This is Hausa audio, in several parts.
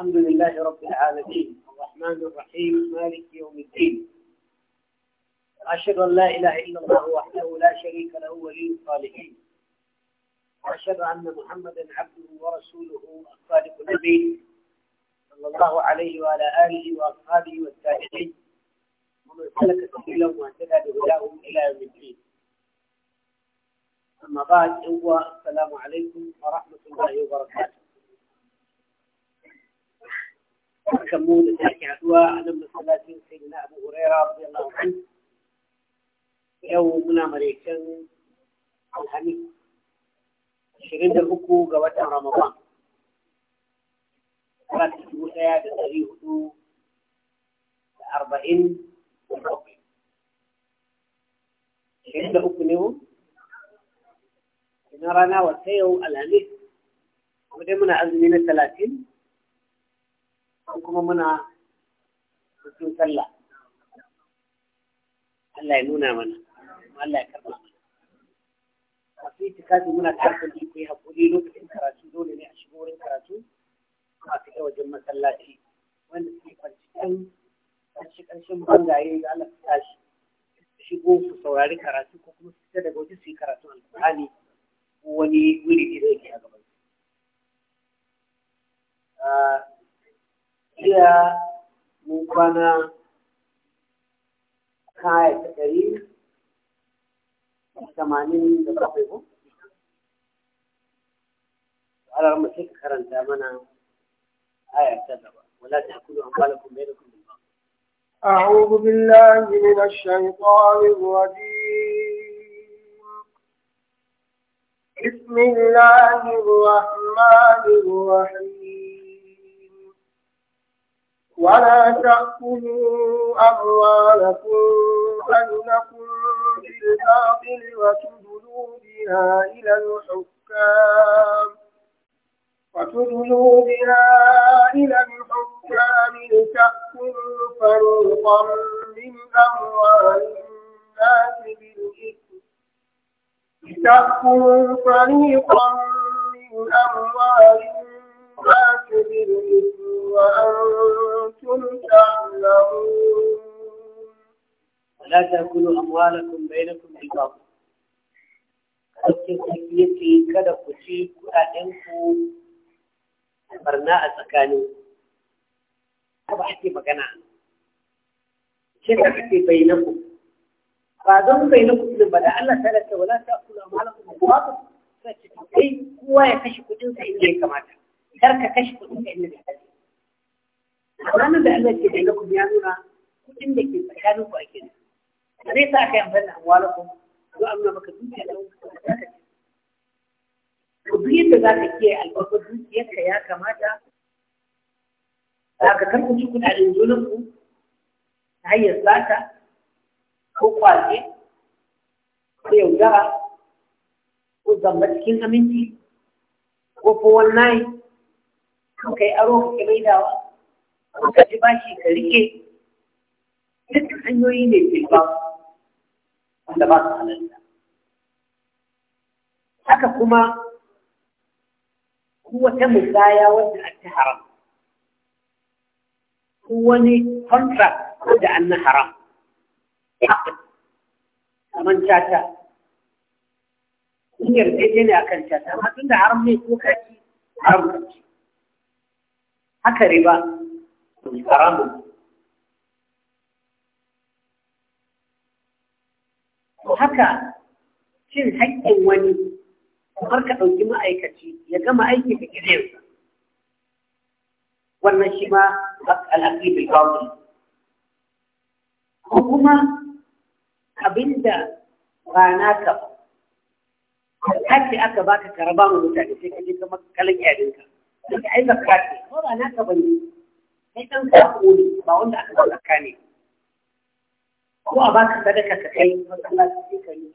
الحمد لله رب العالمين الرحمن الرحيم مالك يوم الدين أشهد أن لا إله إلا الله وحده لا شريك له ولي الصالحين وأشهد أن محمدا عبده ورسوله الصادق النبي صلى الله عليه وعلى آله وأصحابه والتابعين ومن سلك سبيلا واهتدى بهداهم إلى يوم الدين أما بعد هو السلام عليكم ورحمة الله وبركاته aka mu da take haduwa a nan masallacin sai na abu huraira radiyallahu anhu yau muna maraikan alhamis ashirin uku ga watan ramadan kuma ta dubu ɗaya da ɗari hudu da arba'in da uku ne mu rana yau alhamis muna azumi na talatin ko kuma muna cikin sallah Allah ya nuna mana Allah ya karba mana masu itikafi muna tarkon ji ko yi haƙuri lokacin karatu dole ne a shigo wurin karatu a fita wajen masallaci wanda suke kwanci can ƙarshe ƙarshen bangaye ga Allah ta tashi shigo su saurari karatu ko kuma su fita daga waje su yi karatu alƙur'ani ko wani wuri da yake a gaban su ah, إلى مبنى خاية كريم ثمانين دقائق على رغم شيء كرن ولا تأكلوا أموالكم بينكم أعوذ بالله من الشيطان الرجيم بسم الله الرحمن الرحيم ولا تأكلوا أموالكم بينكم بالباطل وتدلوا بها إلى الحكام وتدلوا بها إلى الحكام لتأكلوا فريقا من أموال الناس بالإثم لتأكلوا فريقا من أموال الناس الناس بالإثم وأنتم تعلمون ولا تأكلوا أموالكم بينكم بالباطل Sarkin yake kada ku ci kuɗaɗenku barna a tsakanin ba ake magana. Shi ka kake bai na Ba don bai na ku ba da Allah ta rasa wala ta kula ba ya ya kamata. kar ka kashe kuɗin ka inda bai Ƙuranin da Allah ke daga kuma ya nuna kuɗin da ke tsakanin ku ake da zai sa ka yi amfani da amwala ko ko an nuna maka dukiya da wani ka ce. Ku duk yadda za ka kiyaye albarkar ka ya kamata za ka karkuci kuɗaɗen ku? ta hanyar sata ko kwace ko yaudara ko zamba cikin aminci ko 419 so yi aro ke mai dawa ko ka ji bashi ka rike duk hanyoyi ne ke ba wanda ba su ta. haka kuma kuwa ta musaya wanda an ta haram ko wani contract wanda an na haram kamar cata in yarda ne kan cata. amma tun da haram ne ko kaci haram kaci haka riba haramun to haka cin haƙƙin wani kamar ka ɗauki ma'aikaci ya gama aiki da gidansa wannan shi ma al'aƙi bil kawai ko kuma abinda ba naka ba ake aka baka karaba mu mutane sai ka je kamar kalan yarinka daga ai zakka ce ko ba naka bane kai ɗan sako ne ba wanda aka ba zakka ne ko a baka sadaka ka kai masallaci sai ka yi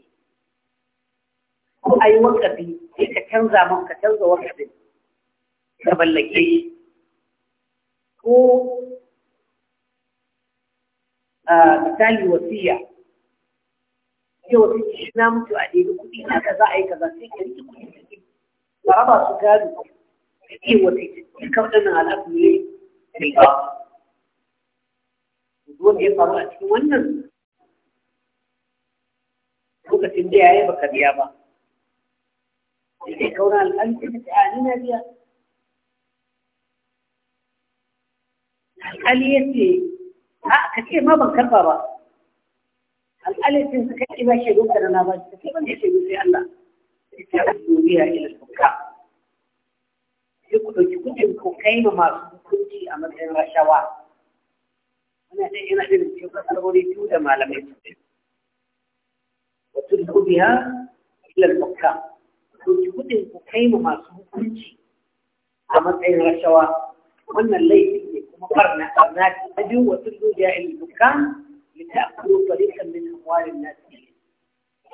ko a yi wakafi sai ka canza man ka canza wakafin ka ballake shi ko misali wasiya sai wasu shi na mutu a ɗaya kuɗi na ka za a yi kaza sai ka riƙe kuɗi ka ba su gado إيه وتيجي كوننا الأب ليه للآخر ودول يطلع تونس lokacin da ya yi baka biya ba sai kauna alƙalƙi ta a nuna biya alƙali ya ce a ka ce ma ban karɓa ba alƙali ya ce suka ƙi ba shaidu ka na ba ka ce ban da shaidu sai Allah ya ce a duniya ila suka ku ɗauki kuɗin ku kai ma masu hukunci a matsayin rashawa wannan ɗan yana irin cikin fasarori biyu da malamai su ce wa tuddu biha ila al-hukam ɗauki kuɗin ku kai ma masu hukunci a matsayin rashawa wannan laifi ne kuma barna barna ce ta biyu wa tuddu biha ila al-hukam لتأكلوا طريقا من hawarin الناس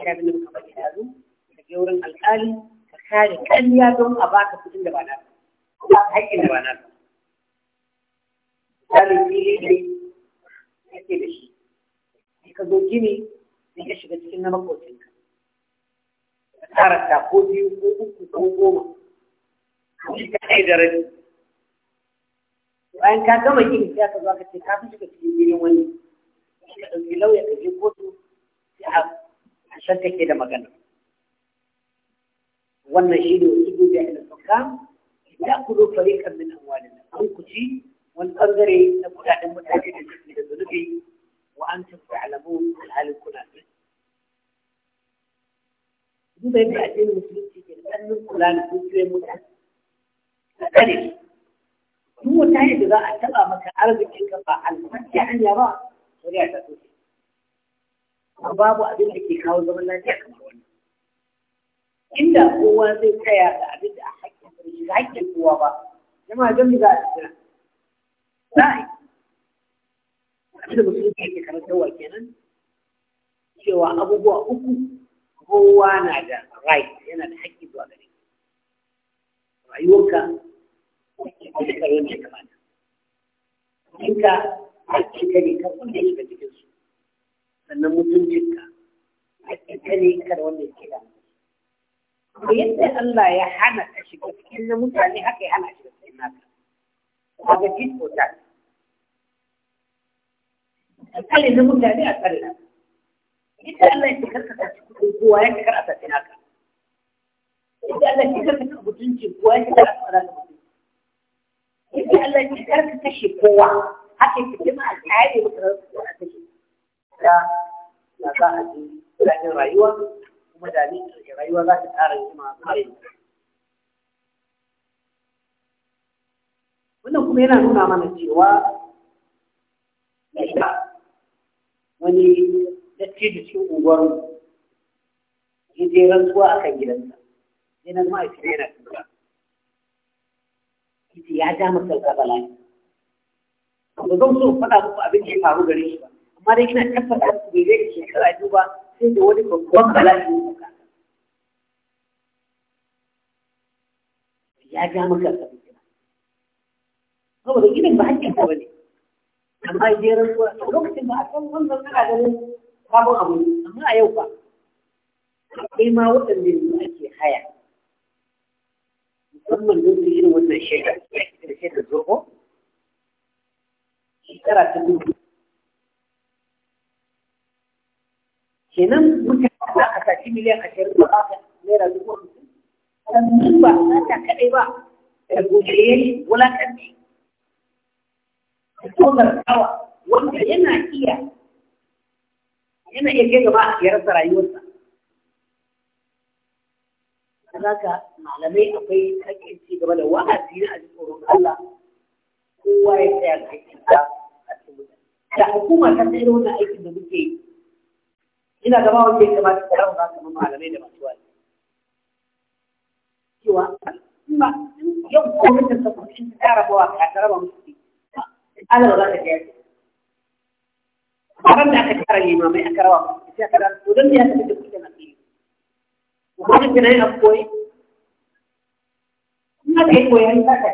ina bin da muka faɗi da zuwa da wurin alƙali ka kare ƙarya don a baka kuɗin da ba na ba haƙƙin da ba na misalin fili ne da shi ka zo gini sai ka shiga cikin ko ko goma ka da bayan ka gama gini sai ka zo ka ce ka fi shiga cikin gidan wani ka ɗauki lauya ka je kotu sai a shanta ke da magana wannan shi ne wasu dubiya da suka ya kudo fare kan min amwalin an kuci wani ɓangare na kudaden mutane da suke da zunubi wa an ta ta'lamu alhalin kuna da yadda addinin musulunci ke da ɗannin kula da dukiyoyin mutane a kare duk wata yadda za a taɓa maka arzikin ka ba alfarki hanya ba shari'a ta so amma babu abin da ke kawo zaman lafiya kamar wannan inda kowa zai tsaya da abin da shiga haƙƙin kowa ba jama'a don mu za a tsira za a yi abinda musulunci yake karantarwa kenan cewa abubuwa uku kowa na da right yana da haƙƙi zuwa gare rayuwarka wacce ta da karo ne kamata ɗinka haƙƙinka ne kan wanda ya shiga cikinsu sannan mutuncinka haƙƙinka ne kan wanda ya shiga to yadda Allah ya hana ka shiga cikin na mutane haka ya hana shiga cikin naka kaga fit ko ta kare na mutane a kare na yadda Allah ya karka ta cikin kowa ya karka ta cikin naka yadda Allah ya karka ta mutuncin kowa ya karka ta cikin naka yadda Allah ya karka kashe kowa haka ya fi ma a kare mutane a kashe da za a ji rayuwa kuma da ni rayuwa za ta ƙara yi ma wannan kuma yana nuna mana cewa ya wani da cikin unguwar ya je rantsuwa a kan gidansa yana ma'aikin yana tura ita ya ja masa kabala ba zan so faɗa muku abin da ya faru gare shi ba amma dai ina tabbata muku bai zai shekara biyu ba sai da wani babban bala'i ne ka ya ja maka sabbi saboda irin ba hakkin ka bane amma jerin ruwa a lokacin ba a san wannan kana ganin sabon abu amma a yau ba akwai ma waɗanda yanzu ake haya musamman don su a wannan shaida shaida zurgo shekara ta dubu kenan mutum da aka saci miliyan ashirin da ba naira dubu hamsin sannan ba za sata kaɗai ba da gobe wulakanci da tsogar kawa wanda yana iya yana iya kai gaba a yarasa rayuwarsa da za ka malamai akwai haƙƙin ci gaba da wa'azi na a tsoron Allah kowa ya tsaya ga haƙƙinsa a cikin da hukuma ta tsaye wannan aikin da muke yi ina gaba wanda ya kamata da yawan kamar malamai da masu wani cewa ma yau komai da sabon shi ta raba wa ka ta raba musu ala ba za ta je ran da aka tara limamai aka rawa sai aka ran to dan ya tafi da kuɗin na fili ko da kina yin koyi ina kai koyan ta ka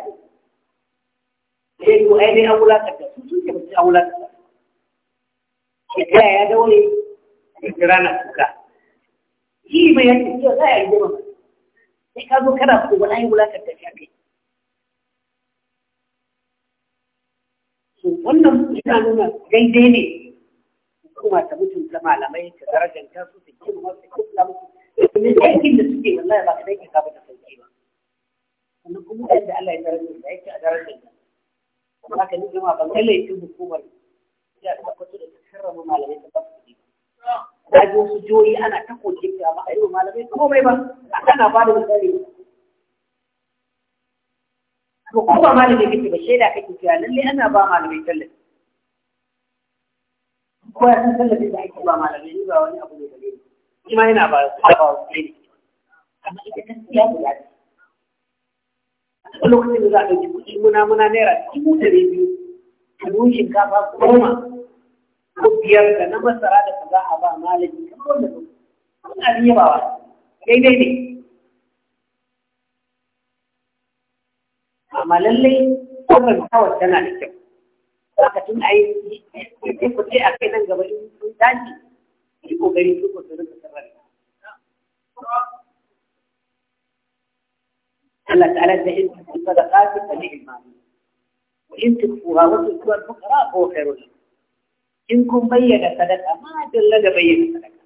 ce ko ai dai an wulaka ta su sun ce ba su an wulaka ta ya daure يجرانا سكا هي ما يجي لا يجوا يكادو كذا سكوا لا يقولا كتجاكي سوونم يجانونا جاي ديني كم هذا بيجون لما على ما يجي ترى جن كاسو تجيبه ما تجيبه لا بس من جاي كده سكي ولا يبغى كده يكابو تجيبه أنا كم هذا على ترى جن لا يجي ترى جن ولكن يجوا بس هلا يجيبوا كم هذا يا ما كنت تكرم ما لا يجي da ji wasu joyi ana ta koke ta ba a yi malamai komai ba ana ba da misali ba ko ba malamai kake ba shaida kake cewa lalle ana ba malamai tallafi ko ya san tallafin da ake ba malamai ni ba wani abu ne ba, ne shi ma yana ba su ba wasu ne amma ita gaskiya da lafiya a lokacin da za a ɗauki kuɗi muna muna naira dubu ɗari biyu a dun shinkafa goma ko biyar da na masara da kaza a ba malami kamar wanda su wani abin yabawa daidai ne amma lallai kofar kawai tana da kyau lokacin a yi kuɗe a kai nan gaba in sun dace yi ƙoƙari su ko su rinka sarrafa Allah ta'ala da in kun sadaqati fa ni'ma wa in tukfuha wa tu'tuha al-fuqara fa huwa khairun lakum in kun bayyana sadaka ma dalla da bayyana sadaka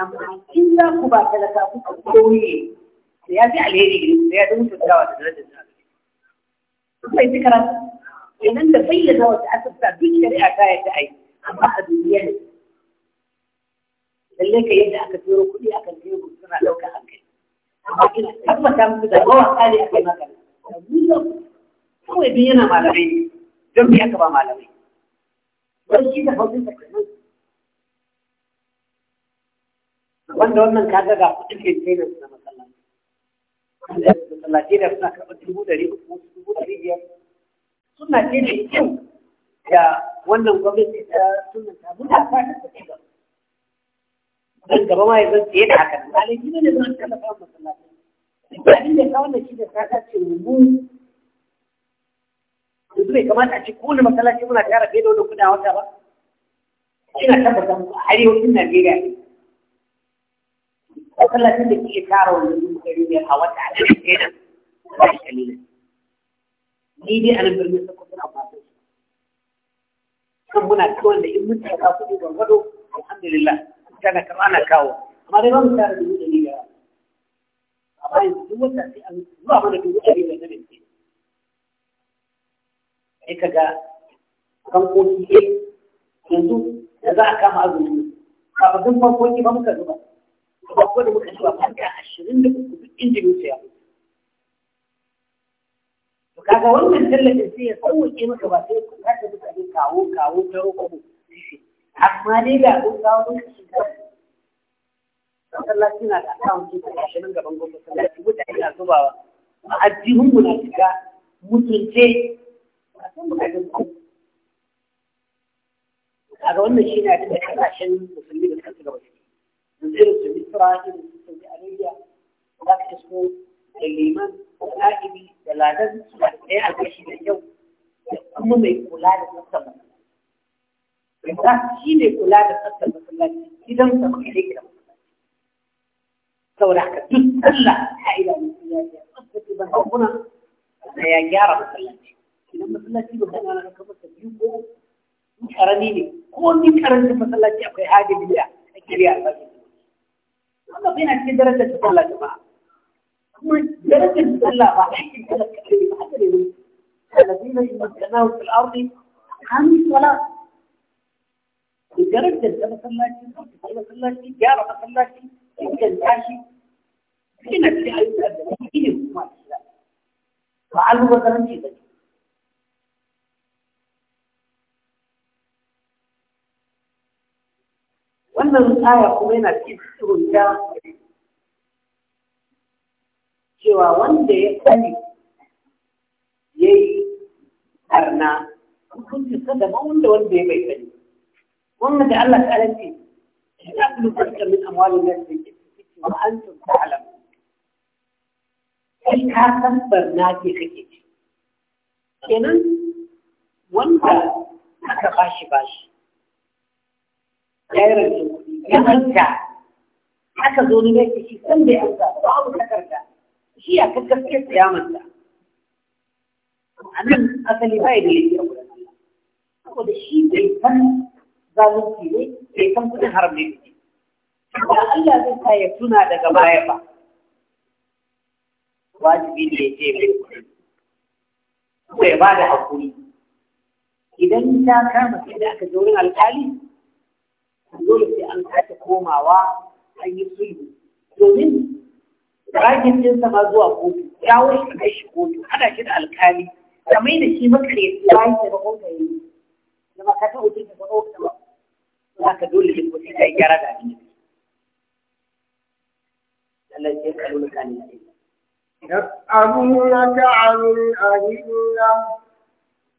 amma in za ku ba sadaka ku ka koye ya fi alheri ne ya dan mutuntawa da darajar da kuma yi karatu idan da bayyana wata asabta duk shari'a ta yadda ai amma a duniya ne lalle ka yadda aka turo kuɗi aka turo suna ɗaukar hankali amma ina tabbata muku da rawa kare a kai magana kawai duk yana malamai don me aka ba malamai wai shi da hausin da kanan wanda wannan kaga ga kudin ke kenan na masallaci masallaci da suna karɓar dubu ɗari uku dubu ɗari biyar suna ce da kyau da wannan gwamnati ta sunanta muna fata ta ci gaba don gaba ma ya zan tsaye da haka nan malaki ne ne zan tallafa masallaci abin da ya kawo da shi da ta dace mu yanzu bai kamata a ce wani masallaci muna tara fiye da wani kuna wata ba ina tabbata mu a arewacin najeriya ne masallacin da ke tara wani dubu ɗari a wata a cikin ɗaya ba shi kalilin ni dai a nan birnin sokoto na fasin kan muna kawai da in mun tara kuɗi gado alhamdulillah na kama ana kawo amma dai ba mu tara dubu ɗari biyar amma yanzu duk wata sai an zuwa mana dubu ɗari da na sai ka ga kankoki ɗaya eh, yanzu da za a kama azumi kafin farkoki ba muka zuba farko da muka zuba farka ashirin da uku duk inda yau ya to kaga wannan tallafin sai ya sauwaƙe maka ba sai ka ta mutane kawo kawo ta roƙo amma dai da abin kawo maka shi masallaci na da akawunci da ashirin gaban gwamnati masallaci mutane na zubawa a ajihun mu na shiga mutunce هذا وانا شيء نعتبر عشان مسلمين الخمسة قبل نزيل في مصر في السعودية العربية ذاك اسمه الإيمان والآئبي دلالة سبحانه الكشي الجو هم ما يقول هذا نفس المسلمين شيء يقول هذا نفس المسلمين إذا انتم عليك سوراك تسلح حائلة من سياسية أصبت إذا ربنا يا جارة مسلمين idan masallaci ba kana na kafa ta biyu ko in karami ne ko ni karanta masallaci akwai hadi biya a kiriya albashi wannan bai na cikin darajar ta sallah jama'a kuma darajar ta sallah ba a cikin darajar ta kiriya ba haka ne ne الذين يمكنهم في الأرض عن الصلاة لدرجة أنا صلاتي أنا صلاتي جارة صلاتي يمكن تعشي هنا في أي سبب يجي ما يشتغل فعلوا مثلا كذا wannan aya kuma yana cikin ta cewa wanda ya sani ya yi arna hukuncin sada ma wanda wanda ya bai sani wannan da Allah ta ce ya da farka min amwalin nan da ke cikin wa an ta alam kai ka san barna ke kake ci kenan wanda aka bashi bashi ya yi rance ya ranta aka zo ni mai shi san bai an zaɓa ba abu takarda shi ya su tsayamanta a nan asali ba ya da lafiya wurin saboda shi bai san zalunci ne bai san kudin haram ne ba Allah zai sa ya tuna daga baya ba wajibi ne ya je mai kudin ko ya ba da hakuri idan ta kama sai da aka je wurin alƙali dole sai an sake komawa an yi sulhu domin ragin jinsa ma zuwa kotu ya wuce ka kai shi kotu ana shi da alkali ka mai da shi makareci bayan da ba kuka yi da ba ka ta wuce da ba kuka ba za ka dole ne ko sai ka yi gyara da abin Allah ya kalu na kanin sai يسألونك عن الأهلة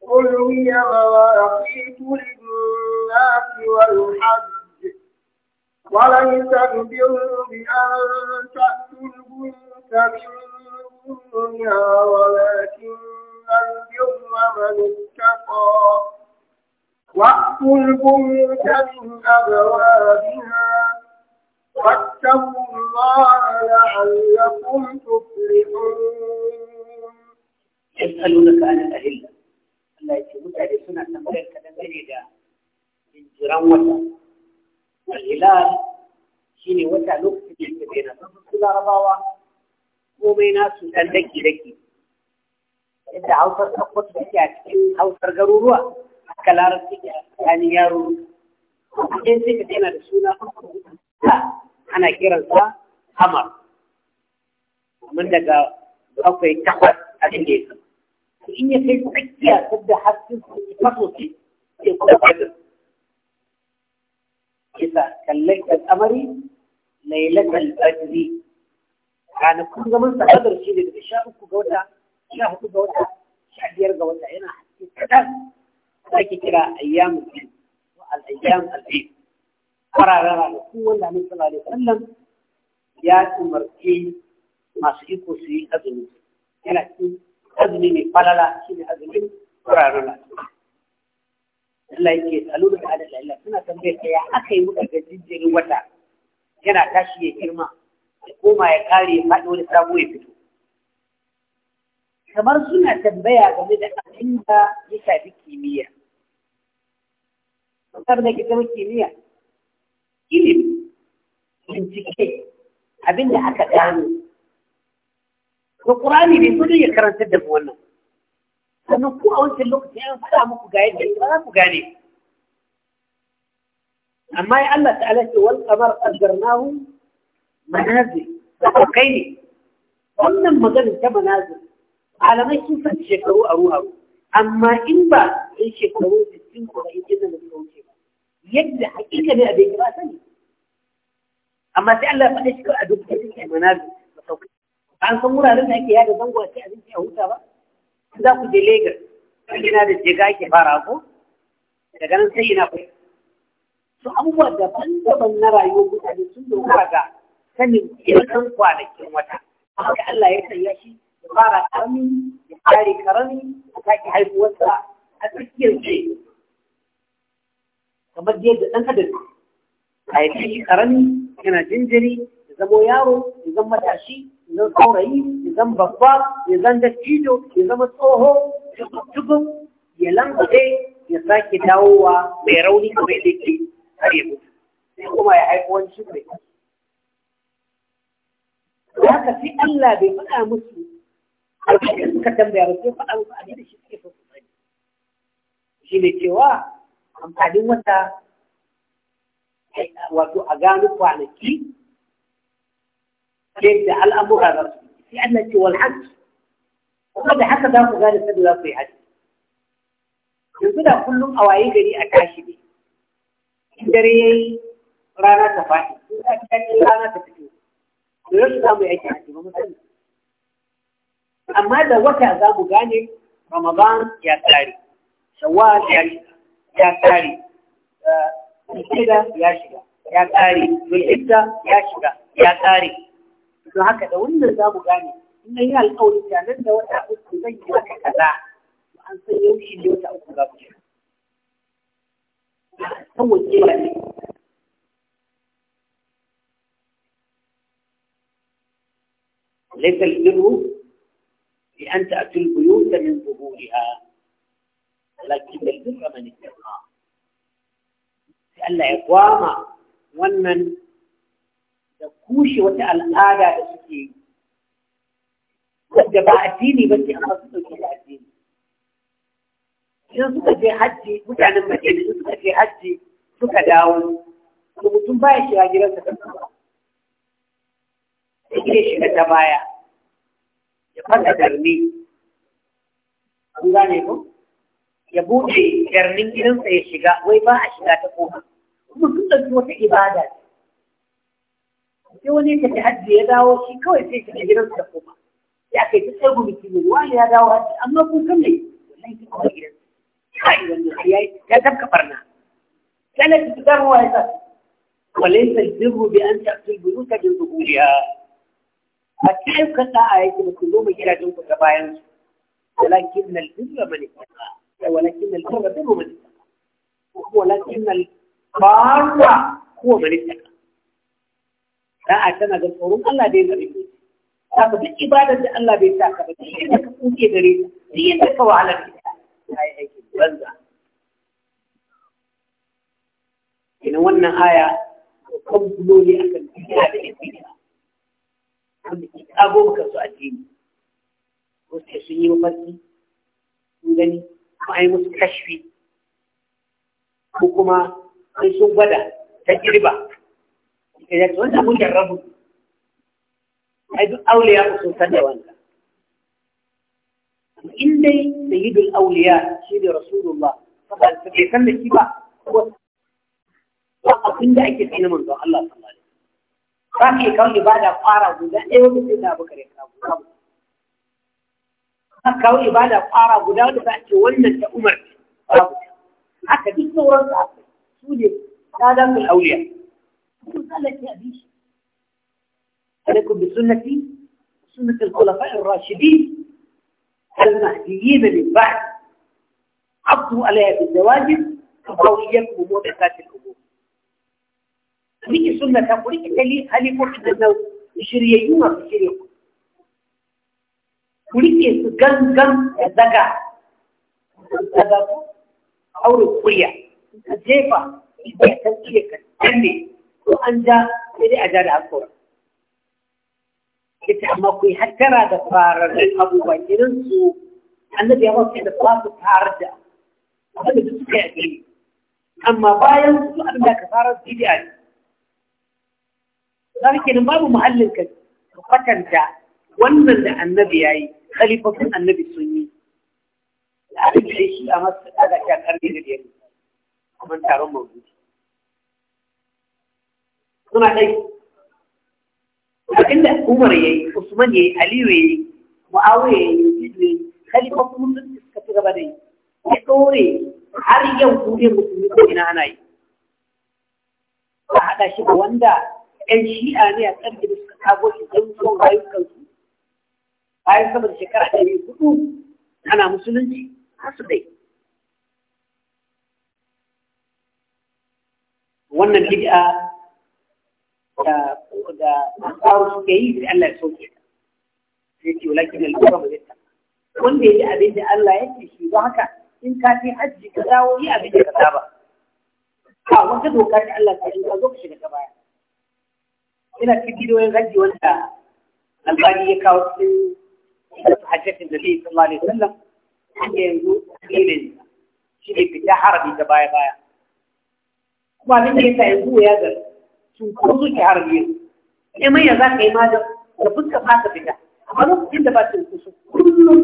قل هي مواقيت للناس والحج وليس البر بأن تأتوا البيوت من دونها ولكن البر من اتقى وأتوا البيوت من أبوابها واتقوا الله لعلكم تفلحون يسألونك عن الأهلة الله يتمتع لسنة مريكا لبريدة من جرام al-hilal shine wata lokacin da yake bayyana sun larabawa komai nasu dan daki daki yadda hausar sakkwato take a hausar garuruwa haka larabci ke a tsakanin yaro sai ka yana da suna ana kiransa hamar kamar daga bakwai takwas abin da ya sama in ya kai tsakiya sadda hasken su fasosi sai kuma fadar Allah kallon al'amari lailatul badri ranakun zaman sa kadar shi ne daga sha uku ga wata sha hudu ga wata sha biyar ga wata yana haske kadan ake kira ayyamu wa al-ayyam al-bayt fararen ranakun wanda annabi sallallahu alaihi wasallam ya umarci masu iko su yi azumi yana cikin azumi mai falala shi ne azumin fararen ranakun Allah yake tsalu da adal Allah suna tambayar ta ya aka yi muka ga jinjirin wata yana tashi ya girma ya koma ya kare ya faɗi wani sabo ya fito kamar suna tambaya game da abin da ya shafi kimiyya kasar da ke zama kimiyya ilimi bincike abin da aka gano ko ƙurani bai so ya karantar da wannan sannan ku a wancan lokacin an faɗa muku ga yadda ba za ku gane amma ya Allah ta'ala ce wal qamar qaddarnahu manazil da kai ne wannan maganar ta manazil Alamai sun san shekaru a ruwa amma in ba sai shekaru 60 ko 40 da suka wuce ba yadda hakika ne a bai ba sani amma sai Allah ya faɗa shi a duk da yake manazil ba an san wuraren da ake yada zango a ce abinci a huta ba za ku je Lagos gina da jega ke fara ko daga nan sai ina kai su abubuwa daban-daban na rayuwar mutane sun dogara ga sanin yankan kwanakin wata haka Allah ya sanya shi ya fara karami ya kare karami ya sake haihuwarsa a tsakiyar ce kamar yadda ɗan adam a yi karami yana jinjiri ya zamo yaro ya zama matashi idan saurayi idan babba idan dattijo idan zama tsoho tukun ya lantsaye ya sake dawowa mai rauni kamar yadda ke, har ya mutu sai kuma ya haifi wani shi da haka sai Allah bai faɗa musu abin da suka tambaya ba sai faɗa musu abin da shi suke so su sani shi ne cewa amfanin wata wato a gano kwanaki الأمر هذا في عندنا هو الحج وقد حتى ذاك قال سيدنا في حج يقول كلهم أوعي غري أكاشبي جري رانا تفاحي لكن رانا تفاحي ليش قام يعيش حج أما إذا وقع ذاك قال رمضان يا تاري شوال يا يا تاري كذا آه، يا شجع يا تاري والحجة يا شجع يا تاري don haka da wannan za mu gane in na yi alƙawari da nan da wata uku zan yi haka kaza an san yaushe ne wata uku za mu je san waje ba ne ليس البر بأن تأتوا البيوت من ظهورها لكن البر من اتقى لأن إقامة ومن da kushe wata al'ada da suke yi wadda ba addini ba ce amma suka ke da addini idan suka je hajji mutanen madina in suka je hajji suka dawo wani mutum baya shiga gidansa kan kuma sai ya shiga ta baya ya fasa darni an gane ko ya buɗe darnin gidansa ya shiga wai ba a shiga ta koma kuma sun ɗauki wata ibada ce sai wani ya tafi hajji ya dawo shi kawai sai shiga gidansu da koma ya kai ta tsago miki ne wani ya dawo hajji amma kun san ne wannan ki kawai gidansu kai wannan ya ya tabka barna kana ki fitar ruwa ya sa walaysa albirru bi an ta'tul buyuta bi dhuhuriha a cikin kada a yake da kullu mai gidajen ku ta bayan su walakin albirra man ittaqa walakin albirra birru man ittaqa walakin albarra huwa man ittaqa da'a tana da tsoron Allah da ya gare Ta haka duk ibadar da Allah bai saka ba shi ne ka kuke gare ta shi ne ka wahala da ta ai aiki banza ina wannan aya kan ne akan dunya da ibada wanda ke kago ka su addini ko sai sun yi mafarki sun gani ko ai musu kashfi ko kuma sai sun gwada ta girba ya eh, ce wannan mun rabu, ai duk auliya sun san da wannan in dai sayyidul shi rasulullah saboda su bai san da shi ba ko abin ake Allah sallallahu alaihi ba ke kawo ibada fara guda ɗaya wanda sai da abubakar ya kawo ba kawo ibada fara guda wanda za a ce wannan ta umar haka duk sauran sa su ne ta كل ذلك يأبيش عليكم بسنتي سنة الخلفاء الراشدين المهديين من بعد عضوا عليها بالزواجب كقويكم ومحدثات الأمور هذه سنة تقولك لي هل يكون عندنا شريعيون في شريعكم kulike su gangan da daga daga auren kuriya ka jefa idan ka ce ka danne وأن جاء إذا أجل القرى يتعمقوا حتى ما دفار أبو بكر نسوا النبي يقول في الصلاة تارجع هذا بسكع فيه أما باين سوء من ذاك صارت جديان لكن ما هو معلم كذا وقتل جاء ومن النبي أي خليفة النبي السني العربي الشيعي أمس هذا كان أرمي اليمين ومن تعرف موجود suna ɗai da umar ya yi usman ya yi aliyu ya yi mu'awiya ya yi jidu ya yi khalifofin musulunci suka ci gaba da yi ya ɗore har yau duniyar musulmi ko ina ana yi ba haɗa shi da wanda ƴan shi'a ne a ƙarfi da suka kago shi don son su, bayan saboda shekara ɗari hudu ana musulunci har su dai wannan bid'a da da tsaro suke yi sai Allah ya soke ta sai ce walakin al-qur'an bai ta wanda yayi abin da Allah ya ce shi ba haka in ka fi hajji ka dawo yi abin da ka saba ba wata doka ta Allah ta in ka zo ka shiga ta baya ina cikin bidiyoyin hajji wanda albani ya kawo cikin hajjatin da zai sallallahu alaihi wasallam hanyar yanzu dalilin shi ne fita harabi ta baya baya kuma abin da ya sa yanzu ya zarta cutar zuciyar biyu neman ya za ka yi madan da fuska ta fita amma lokacin da ba cunkoso kullum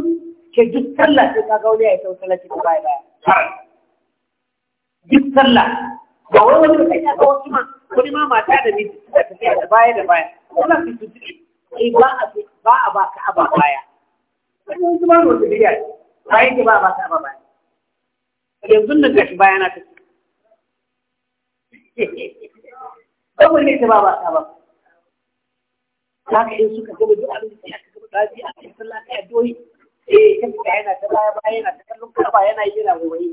ke duk sallah sai ka ga wani ya yi tausala ce ta baya baya duk sallah ba wai wani da kai ga wasu ma wani ma mata da miji suka tafiya da baya da baya kuma su tuntuɓe sai eh, ba a ba a ba ka aba baya wani wasu ma wasu biya bayan ke ba a ba ka aba baya yanzu nan gashi baya na ta tafi ba mu ta ba ba ta ba za ka yi suka gaba duk abin da ya ka gaba ɗazi a cikin sallah ta addu'o'i eh kan ka yana ta baya ba, yana ta kallon kaba yana yi yana waiwaye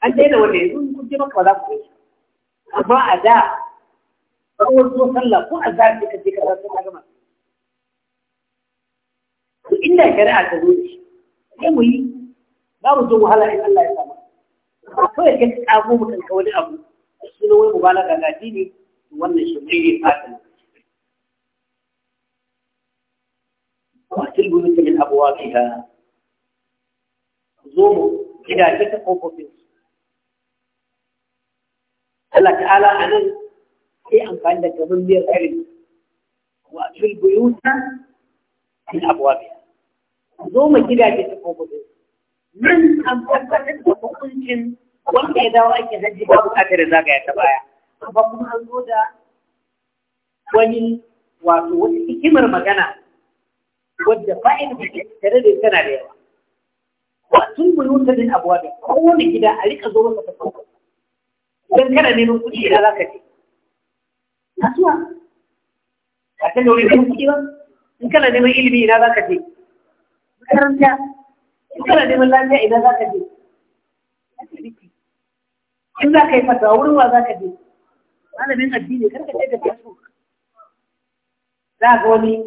an daina wanda yanzu kun je maka ba za ku yi amma a da kawai zo sallah ko a za ka je ka za ka gama to inda shari'a ta zo shi sai mu yi babu zo wahala in Allah ya sa mu kawai ka tsago mu kanka wani abu da sunan wai mubalaga ga dini wannan shi mai yin fatan wasil ta min abwabiha zo mu gidaje ta kofofin Allah ta'ala anan sai amfani da gaban biyar irin wasil buyut min abwabiha zo mu gidaje ta kofofin nan an tabbatar da hukuncin wanda ya dawo aikin hajji ba bukatar da zagaya ta baya ba kuma an zo da wani wato wata hikimar magana wadda fa'in da ke tare da tana da yawa watun wutar din abuwa da kowane gida a rika zo masa ta farko idan kana neman kuɗi ina za ka je kasuwa ba ta da wani neman kuɗi ba in kana neman ilimi ina za ka je makaranta in kana neman lafiya ina za ka je in za ka yi fata wurin wa za ka je malamin addini kar ka je da facebook za ga wani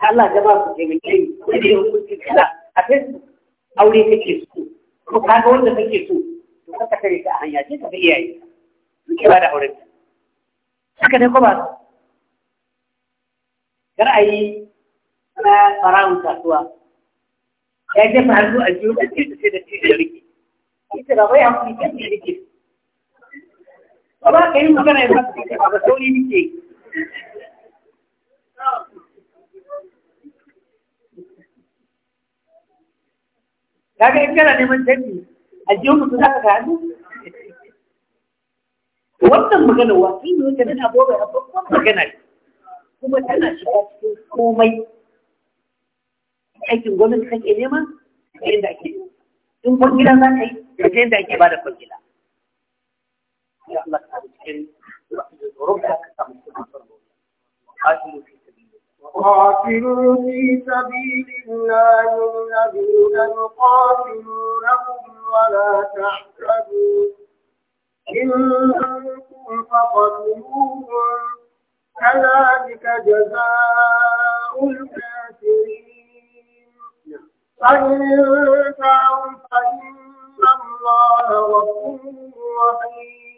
Allah jama'a su taimake ni sai da hukunci kaza a facebook aure kake so ko ka ga wanda kake so to ka kare ta hanya ce ka ga iyaye suke ba da aure. haka dai, ko ba su kar a yi na farawun kasuwa ya jefa hannu a jiyo da ce da ce da ce da rike ita da bai hankali kan da rike ba ka yi magana ya masu kake ba sauri nike kaga in kana neman canji a jiyo mutu za ka gano wannan magana wasu ne wanda nuna bobe a babban magana kuma tana shiga cikin komai aikin gwamnati kake nema da yadda ake in kwangila za ka yi ta yadda ake ba da kwangila ya Allah ka cikin rubda ka samu cikin farko qatilu fi sabilillah qatilu fi sabilillah alladhina yuqatilunakum wa la tahsabu innakum faqatluhum كذلك جزاء الكافرين فإن فإن الله غفور رحيم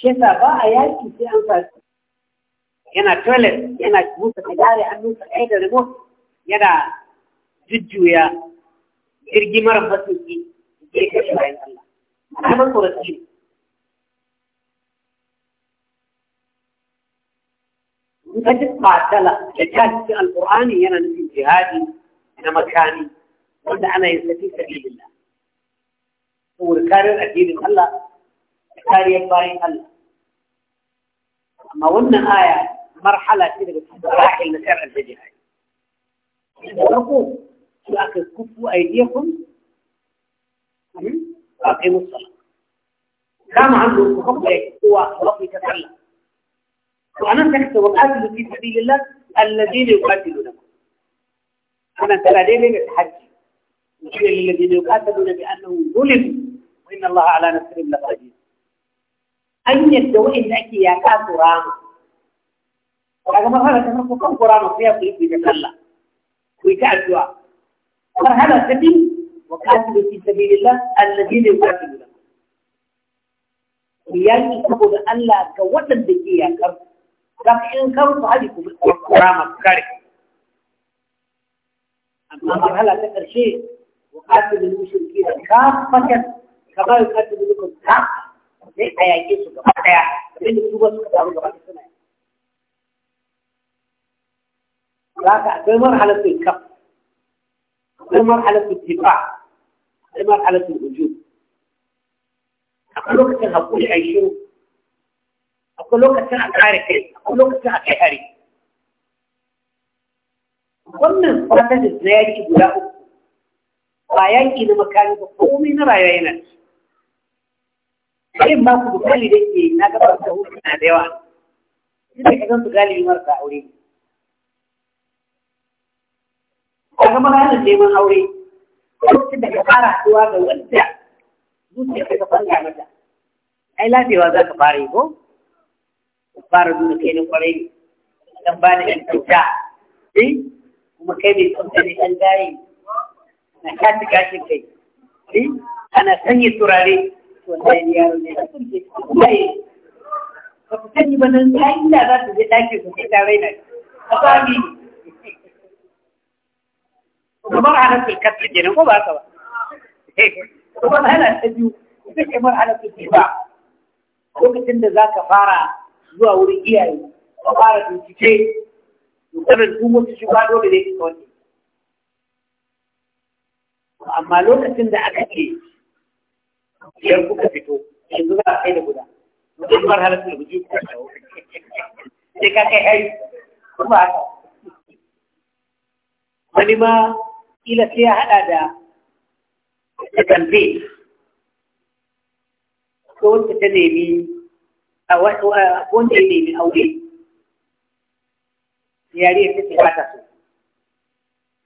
shi yasa ba a yaki sai an sa yana toilet yana busa sigari an nusa kai da remote yana jujjuya jirgi mara matuƙi zai kashe bayan Allah ana man tsoraci ne in ka ji fatala da ta cikin alƙur'ani yana nufin jihadi na makani wanda ana yin safi sabilillah saboda karin addinin Allah كاري الباري هلا ما قلنا آية مرحلة كده بتحاكي المسيح الفجر هاي كفوا أيديكم أمم، أقيموا الصلاة كما عنده الصحابة هو الله يتكلم وأنا تحت وقاتلوا في سبيل الله الذين يقاتلونكم أنا ترى ليه من الذين يقاتلون بأنه ظلم وإن الله على نفسهم لقدير hanyar da wa'in da ake yaƙa su rama kaga marhala ta farko kan kurama sai ku yi da sallah ku yi ta addu'a marhala ta biyu wa qatilu fi sabilillah alladhina yuqatiluna ku yaƙi saboda Allah ga waɗanda ke yaƙar za ku in kawo su hali ku kurama kare amma marhala ta ƙarshe wa qatilu mushrikeena kafatan kama yuqatilukum kafatan sai a yaƙe su gaba ɗaya kamar da su ba suka taru gaba ɗaya suna za ka akwai marhalatul kaf akwai marhalatul tifa akwai marhalatul ujub akwai lokacin haƙuri a shiru akwai lokacin a kare kai akwai lokacin a kai hari wannan fata da yaƙi guda uku ba yaƙi na makami ba komai na rayuwa yana ci irin ma ku gali da ke na gaba da hudu na da yawa inda ka san su gali marasa aure ka ga maganar neman aure lokacin da ka fara haɗuwa da wanda zuciya ka fanga mata ai lafiyawa za ka fara yi ko ka fara nuna kai na kwarai ne dan ba ni yan kyauta eh kuma kai mai tsanta ne dan gaye na kashi gashin kai eh ana sanya turare wallahi yaro ne da kun je kai ba ku sani ba nan ta inda za su je ɗakin su sai ta raina a sami kamar ana su kasu kenan ko ba ka ba kuma ana ta biyu sai ita mara ana su ba lokacin da za ka fara zuwa wurin iyaye ka fara bincike dukkanin duk wata shiga dole ne ka wani amma lokacin da aka ke. biyar kuka fito yanzu za a kai da guda mutum bar halatta da buji kuka dawo sai ka kai hari kuma haka wani ma kila sai ya haɗa da tambe ko wanda ta nemi a wanda ya nemi aure yare ta ce ba ta so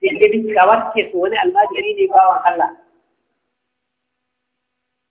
sai ta bincika wata ke so wani almajiri ne bawan Allah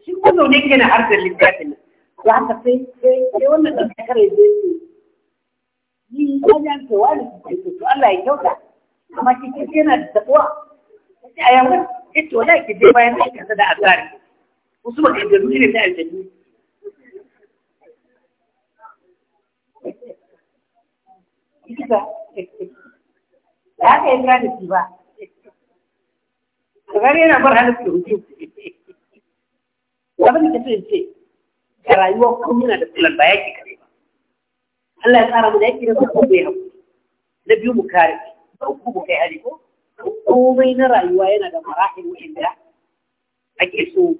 shi ko zaune ke na harkar littafin nan za ka sai sai wannan da kare zai ce ni ya ji an cewa su ce to Allah ya kyauta amma ki ce yana da tabuwa ta ce a yamma ya ce wala ki je bayan kasa da asari wasu ba ka jaru ne ta aljanni kisa da haka ya gane shi ba. Kamar yana bar halittar hutu. abin da kafin ce ga rayuwa kun yana da kulan ba yaki kare ba Allah ya tsara mu da yaki da kuma ya hakuri na biyu mu kare da uku mu kai hari ko komai na rayuwa yana da marahil wanda ake so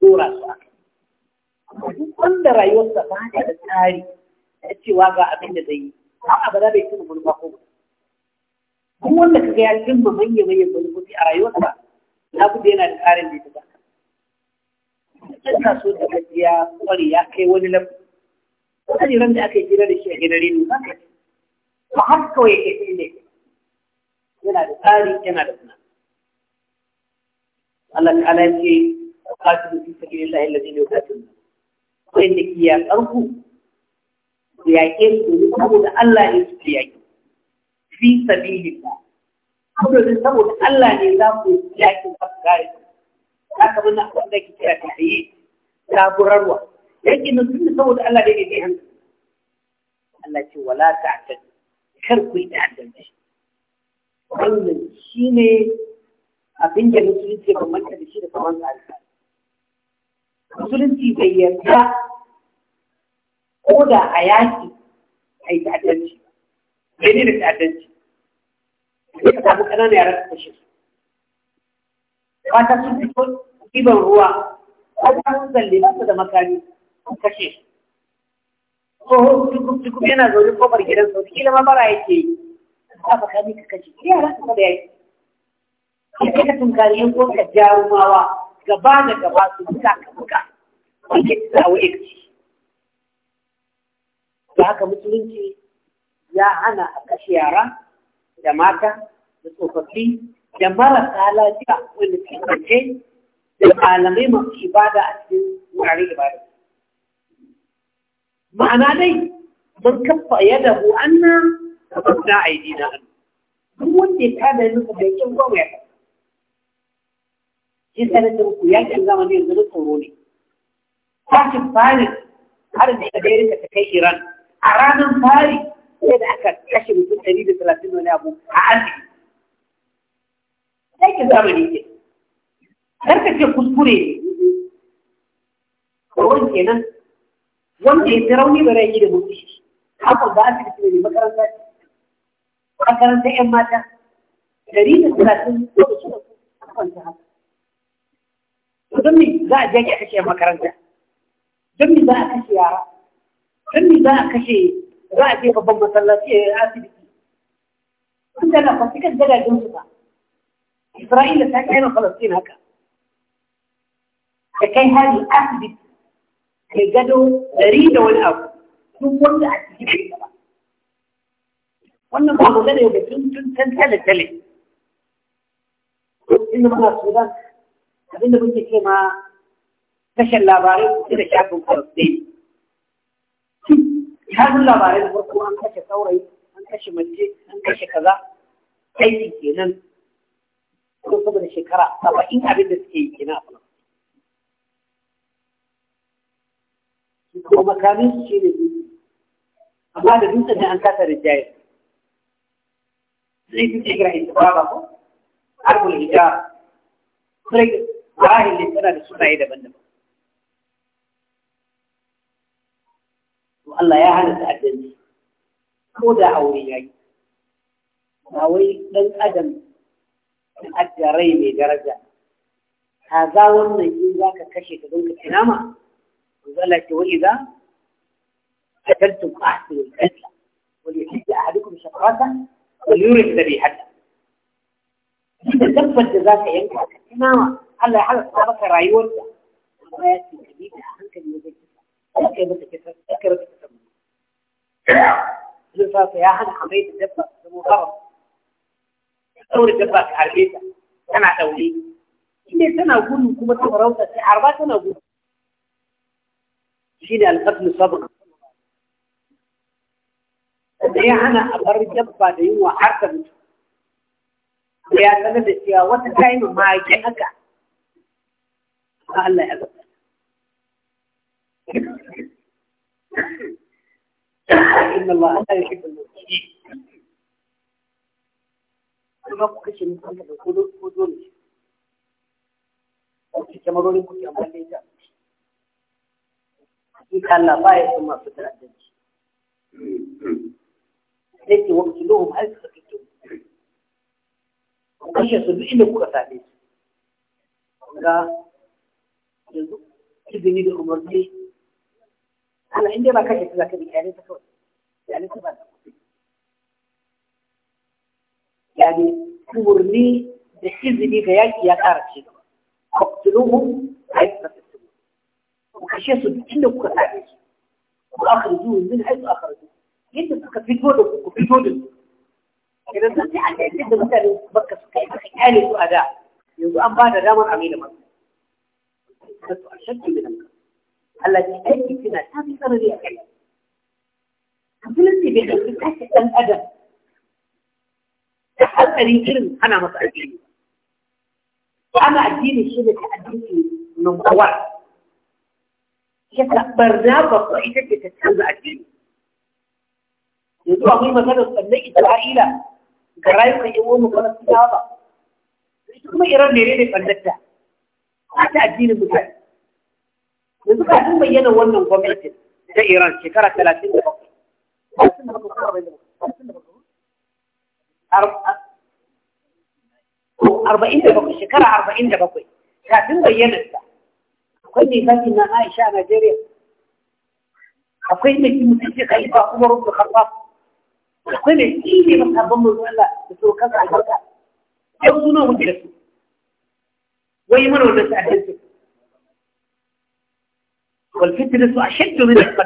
dora su aka kai duk wanda rayuwarsa ba ta da tsari da cewa ga abin da zai yi a'a ba za bai cimma ba ko duk wanda kaga ya cimma manya manyan manufofi a rayuwarsa na bude yana da tsarin da ya ɗan kasuwar da kaji ya kware ya kai wani lafi wani ran da aka yi hira da shi a gidan rediyo za ka ji ba har kawai ya kai ne yana da tsari yana da suna Allah ta'ala ya ce qatilu fi sabilillahi alladhina yuqatiluna wa inna qiyatanku yaƙe su domin saboda Allah ne su yaƙe fi sabilillah saboda Allah ne za ku yaƙe ku kare haka na abin da ke kira tafiye taburarwa yankin nan tun saboda Allah da ne zai hankali Allah ce wala ta'tadu kar ku yi ta'addanci wannan shine abin da musulunci ban manta da shi da kamar tsarika musulunci bai yarda ko da a yaki a yi ta'addanci bai ne da ta'addanci sai ka samu ƙananan yaran su kashe su mata sun fito ɗiban ruwa mata sun zalle masu su da makami sun kashe ko duk yana zaune kofar gidan sau kila ma bara yake yi ka makami ka kashe yara su da yi. ka kai ka tunkari yan ko ka jarumawa gaba da gaba su buka ka buka ta tsawo ikci Ba haka musulunci ya hana a kashe yara da mata da tsofaffi da marasa lafiya wanda ke kwace da malamai masu ibada a cikin wurare ibada. Ma'ana dai, mun kafa ya dabu an nan da kwanta a yi na hannu. Duk wanda ya kada yin da yakin gwamna ya kasa. Shi sanar da ku yakin zamani yanzu na tsoro ne. Tashin fari har da ya dairin da ta kai Iran. A ranar fari sai da aka kashe mutum ɗari da talatin da wani abu a arziki. yakin zamani ke kar ka ce kuskure ne kawai kenan wanda ya fi rauni ba rai da mutu shi haka ba a cikin ne makaranta makaranta yan mata dari da talatin da su da kwanta haka don me za a je a kashe makaranta don me za a kashe yara don me za a kashe za a je babban masallaci a eh, asibiti kun daga fasikan dalajen su ba إسرائيل تهك أين خلصين هكا لكي هذه أثبت لجدوا أريد والأرض ثم وضع تجيب وأن بعض لنا يبتون تنسل ثلاثة لي إنه من السودان أبين بنتي كما فشل لاباري إلى شعب فلسطين هذا اللاباري هو أنكش ثوري أنكش مجيد أنكش كذا أي كذا ko saboda shekara saba'in abin da suke yi kenan a falastin ko makamin su shi ne amma da dutsen da an kasa da jayi sai su ce gira intibaba ko harbul hijab sai marahil ne tana da sunaye daban-daban to Allah ya hana ta'addanci ko da aure yayi ba wai dan adam adda rai mai daraja kaza wannan in za ka kashe ka don ka ci nama manzo Allah ce wa idza akaltum fa'tu al-qatla wal yuhdi ahadukum shaqata wal yurid dhabihata da dabbar da za ka yanka ka ci nama Allah ya halatta maka rayuwarka amma ya ce ka bi da hankali wajen kisa kai maka kisa kai maka kisa Zai sa ya hana amai da dabba da mu haram ɗaure dabba ka harbe ta tana ɗaure tana gudu kuma ta farauta ta harba tana gudu shi ne alƙasmu sabon da ya hana a bar dabba da yunwa har ta mutu da ya sanar da cewa wata kayan yi mamaki haka Allah ya gaba إن kuma ku kashe ni kanka da kodo ko dole ku ci kamarorin ku ke amfani da ita hakika Allah ba ya san masu ta'addanci sai ke wakil lohum ai suka fito ku kashe su duk inda kuka same su ga yanzu izini da umarni ana inda ba kashe su za ka bi kyanin ta kawai kyanin ta ba يعني كورني بحزني فيك يا أرشي قتلوهم عزة السبوع وكشي يسود إنه كرعي وأخرجوه من حيث أخرجوه إنه فقط في جودة وفي جودة إذا سنتي عن عزيزة مثلا بكة سكاية بخي آلي سوء داع يقول أم بعد داما عميلة مرة فتو أشكي من المرة الذي أجي في ناس هذه سنة لي أكيد أم فلنتي بحيث أن أدب da hatsari irin ana masa addini ana addini shi ne ta addini nukwawar ya tabbar na babba ita ce ta canza addini yanzu akwai maganar sannan isra'ila ga rayukan yan wani falastina ba ita kuma iran ne ne ɓandatta ba ta addinin mutane yanzu ka sun bayyana wannan gwamnati ta iran shekara talatin da bakwai arba'in shekara arba'in da bakwai kafin bayyanarsa akwai mai zafi na aisha a najeriya akwai mai yi mutunci kalifa kuma rubu karfa akwai mai yi ne masabban mazu Allah da su kansa albarka yau suna wuce da su wai mana wannan su adalci walfitin su a shaddu min al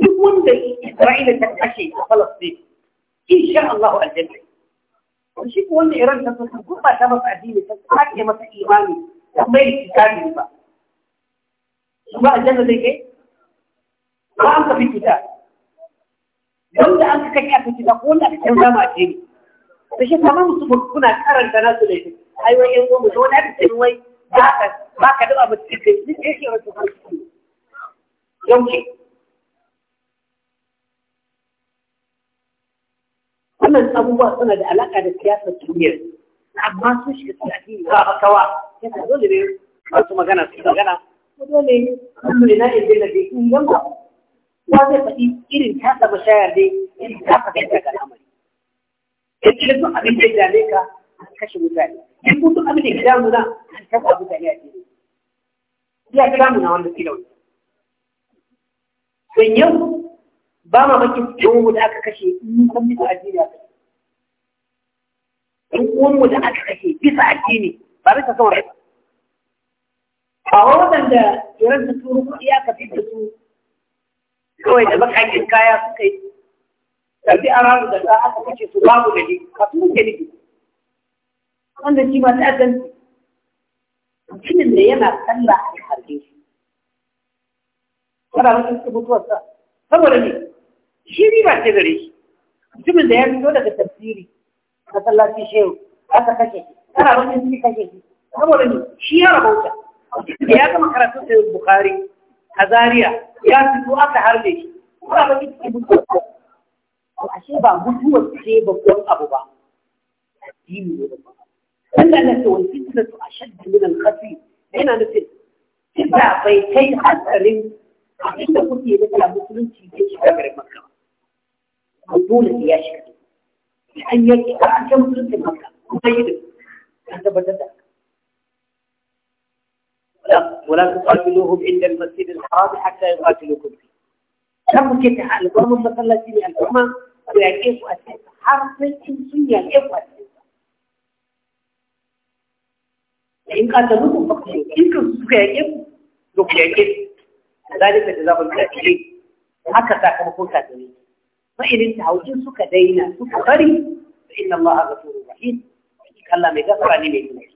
duk wanda Isra'ila ta kashe a Falastin insha Allah aljanna shi ko wanda iran ta san gurba ta masa addini ta sake masa imani ta mai kitabi ba shi ba aljanna zai kai ba an ka fi Don da an ka kai aka kita ko wanda aka canza ma ce ne da shi tamam su kuna karanta nasu ne ai wai yan gomu wanda aka ce wai ba ka ba ka da abu cikin ne ke shi rasu kan su yau wannan abubuwa suna da alaƙa da siyasar duniyar amma sun shiga cikin ba a kawa yana dole ne masu magana su magana ko dole na ina inda da in yi ba zai faɗi irin ta saba shayar dai irin ta saba yadda ga al'amari in ci duk abin da ya ka a kashe mutane in kun abin da ya damu na an kasa mutane a jini ya damu na wanda kila wani yau ba ma maki yawan mu aka kashe in kun bisa addini a kashe in kun mu aka kashe bisa addini ba bisa son rai ba wa waɗanda yaran su turu kuɗi aka fi da su kawai da bakakin kaya suka yi tafi a ranar da za aka kashe su babu da ne ka turu ke nufi wanda shi ma ta ganci mutumin da yana sallah a harbe shi. Kana mutum mutuwarsa saboda ne شيري بعد ذري شو من ذي من دولة التبصيري هذا الله في شيء هذا كشيء أنا أقول إنك كشيء أنا أقول إنك شيء أربعة يا كم خلاص في البخاري هزاريا يا سبوا أتحر ليش ولا بقيت في البخاري عشان بقى هو شيء بقول أبو بقى دين ولا لا سوى فتنة أشد من الخفي هنا نسيت تبع طيب كيف حصل عشان تقولي لك أبو سلمان شيء كذا غير مكان dole sai ya shiga an yake a an ce musulunci maka kuma yi an tabbatar da ولا تقاتلوهم عند المسجد الحرام حتى يقاتلوكم فيه. لكن كنت الأمم مثلا جميع الأمم ويعكس أساس حرف الإنسانية الإف أساس. إن قاتلوكم فقتلوا إن كنتم سكاكم لو كنتم ذلك جزاء الكافرين هكذا كما كنت فإن انتهوا إن سك دينا سك بري فإن الله غفور رحيم كلا ما غفر لي من ذلك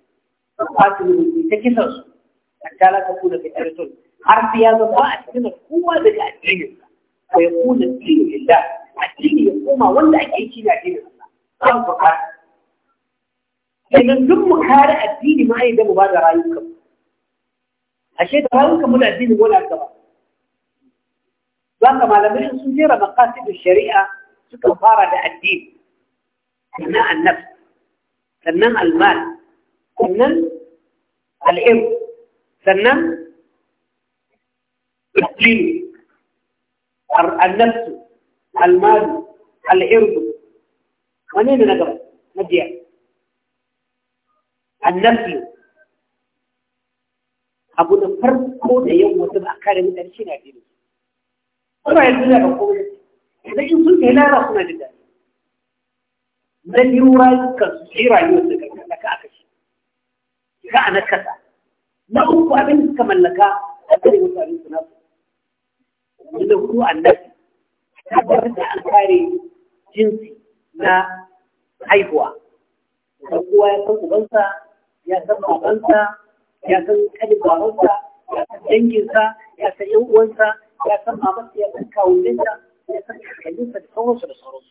قاتلوا تكسر حتى لا تكون فتنة عرف يا الله أتكلم هو ذلك الدين ويكون الدين لله الدين يقوم ولا أي شيء لا دين الله أو فقط إذا ثم هذا الدين ما يدم هذا رأيكم أشياء رأيكم ولا الدين ولا كبر لقد ما لم يحصل جيرا مقاسد الشريعة ستنفارة الدين كنا النفس كنا المال كنا العرض كنا الدين النفس المال العرض ونين نقرأ نجيع النفس أبو نفرد كون يوم وتبع كارم الدرسين عدينه kuma yanzu ya ga komai idan in sun kai lara suna da daɗi na biyu rayukan su sai rayuwar da kai na ka aka shi ka na kasa na uku abin da suka mallaka a kare musu abin su nasu wanda hudu ta tabbatar da an kare jinsi na haihuwa da kowa ya san ubansa ya san babansa ya san kalin babansa ya san danginsa ya san yan uwansa يسمى بس يتكون لنا يسمى حديثة تفوش الصروف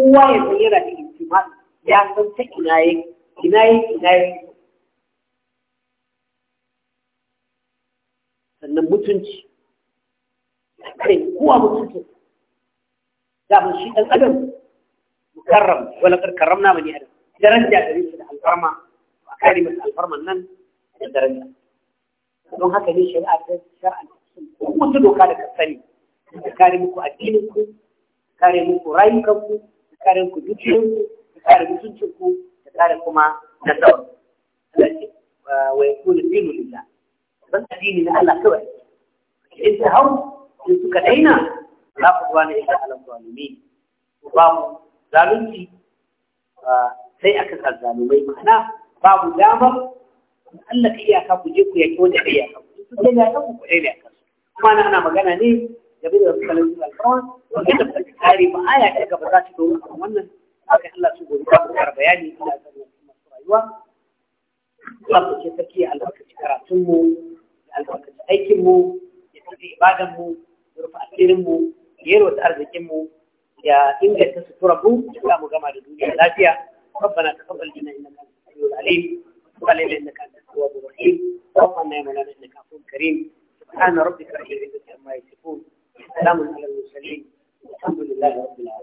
هو يميرا الانتماء يعمل تكناية كناية كناية sannan mutunci kare kowa mutunci daman shi ɗan adam mukarram wala karkarram na bani adam daraja gare shi da alfarma a kare masa alfarman nan da daraja don haka ne shari'a ta shar'a Ku wata doka da ka sani kare muku addininku, ku kare muku rayukanku, ku kare muku dukiyoyin ku kare mutuncin ku da kare kuma tsawon. nasarar wa yakunu dinu lillah ban addini na Allah kawai in ta hau in suka daina za ku zuwa na ila alam zalimi babu zalunci sai aka sa zalumai ma'ana babu damar Allah ka iyaka ku je ku yaki wanda ka iyaka ku sun daina ku ku daina kuma na ana magana ne da bai da wasu kalmomi alfarma wanda ba ta ba aya ta gaba za ta doro a wannan haka Allah su gobe ta bukar bayani ina zan masu rayuwa Allah ce karatunmu, albarkaci karatun mu albarkaci aikin mu ya tafi ibadan mu ya rufe asirin mu ya yi arzikin mu يا إنك تستربوا إسلام جمع الدنيا الآتية ربنا تقبل منا إنك أنت السميع العليم وقال إنك أنت التواب الرحيم وقال إنك أنت الكريم سبحان ربك رب العزة عما يصفون سلام على المرسلين والحمد لله رب العالمين